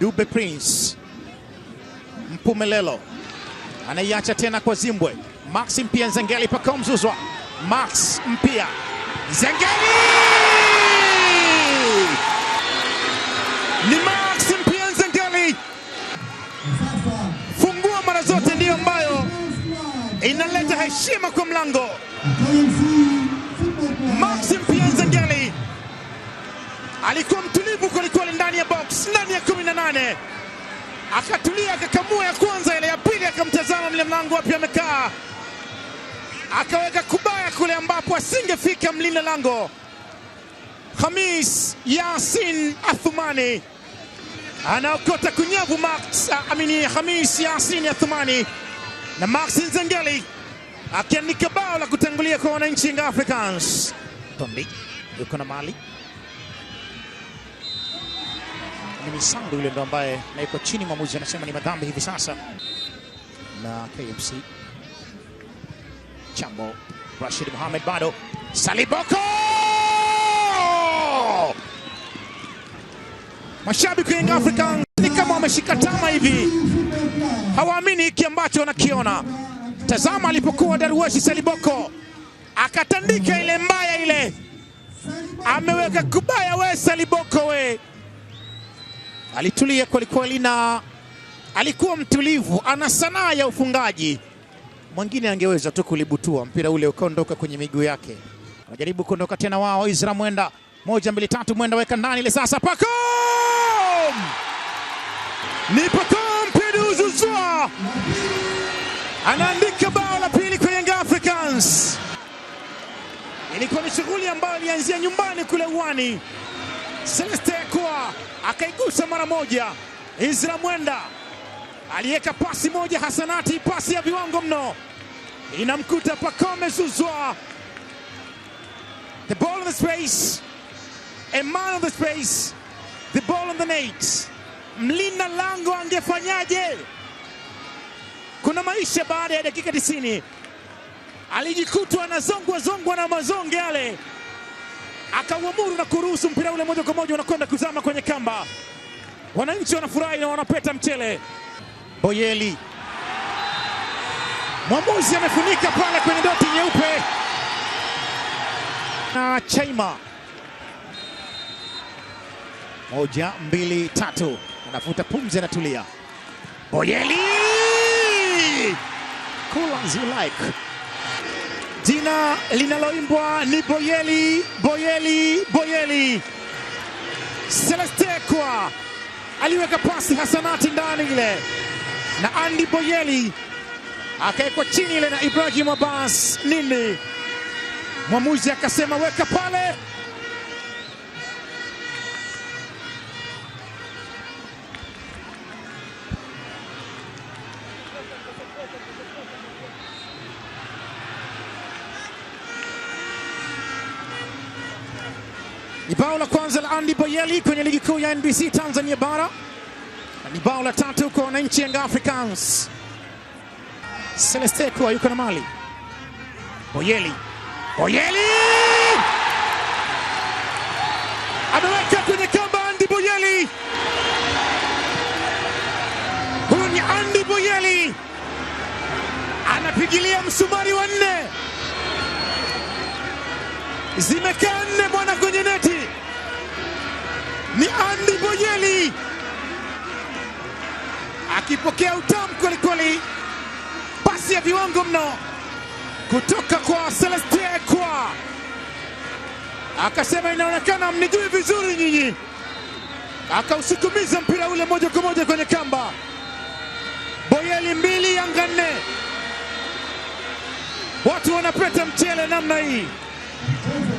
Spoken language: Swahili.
Dube Prince Mpumelelo anaiacha tena kwa Zimbwe. Max Mpia Nzengeli pako mzuzwa. Max Mpia Nzengeli ni Max Mpia Nzengeli, fungua mara zote ndiyo ambayo inaleta heshima kwa mlango. Max Mpia Nzengeli alikuwa ndani ya 18 akatulia, akakamua ya kwanza, ile ya pili akamtazama mlinda mlango wapi amekaa, akaweka kubaya kule ambapo asingefika mlinda lango Khamis Yasin Athumani anaokota kunyavu Max, amini ah, Khamis Yasin Athumani na Max Nzengeli akiandika bao la kutangulia kwa wananchi Young Africans. Tombi yuko na mali ni Misandu yule ndo ambaye naiko chini, mwamuzi anasema ni madhambi hivi sasa na KMC. Chambo Rashid Mohamed bado Saliboko, mashabiki wa Young Africans ni kama wameshika tama hivi, hawaamini hiki ambacho wanakiona. Tazama alipokuwa darwashi Saliboko akatandika ile mbaya ile, ameweka kubaya we Saliboko we alitulia kwelikweli na alikuwa mtulivu, ana sanaa ya ufungaji. Mwingine angeweza tu kulibutua mpira ule ukaondoka kwenye miguu yake. Anajaribu kuondoka tena wao, Izra Mwenda, moja mbili tatu, Mwenda weka ndani ile, sasa Pacome! Ni Pacome Zouzoua anaandika bao la pili kwa Young Africans. Ilikuwa ni shughuli ambayo ilianzia nyumbani kule uwani Celeste akaigusa mara moja. izra Mwenda aliweka pasi moja hasanati, pasi ya viwango mno, inamkuta Pacome Zuzwa. The ball in the space, a man of the space, the ball on the net. Mlinda lango angefanyaje? Kuna maisha baada ya dakika 90, alijikutwa na zongwa zongwa na mazonge yale akauamuru na kuruhusu mpira ule moja kwa moja unakwenda kuzama kwenye kamba. Wananchi wanafurahi na wanapeta mchele. Boyeli, mwamuzi amefunika pale kwenye doti nyeupe na Chaima. Moja, mbili, tatu, anafuta pumzi, anatulia. Boyeli, cool as you like. Jina linaloimbwa ni Boyeli, Boyeli, Boyeli. Celeste Kwa aliweka pasi hasanati ndani ile, na Andy Boyeli akawekwa chini ile na Ibrahim Abbas nini, mwamuzi akasema weka pale. Ni bao la kwanza la Andy Boyeli kwenye ligi kuu ya NBC Tanzania bara na ni bao la tatu kwa wananchi Young Africans. Celeste kwa yuko na mali Boyeli, Boyeli ameweka kwenye kamba. Andy Boyeli, huyu ni Andy Boyeli anapigilia msumari wa nne zimekaa nne bwana kwenye neti, ni Andy Boyeli akipokea utamu kwelikweli, pasi ya viwango mno kutoka kwa Celestia Ekwa, akasema inaonekana mnijui vizuri nyinyi, akausukumiza mpira ule moja kwa moja kwenye kamba. Boyeli mbili, Yanga nne, watu wanapeta mchele namna hii. Thank you.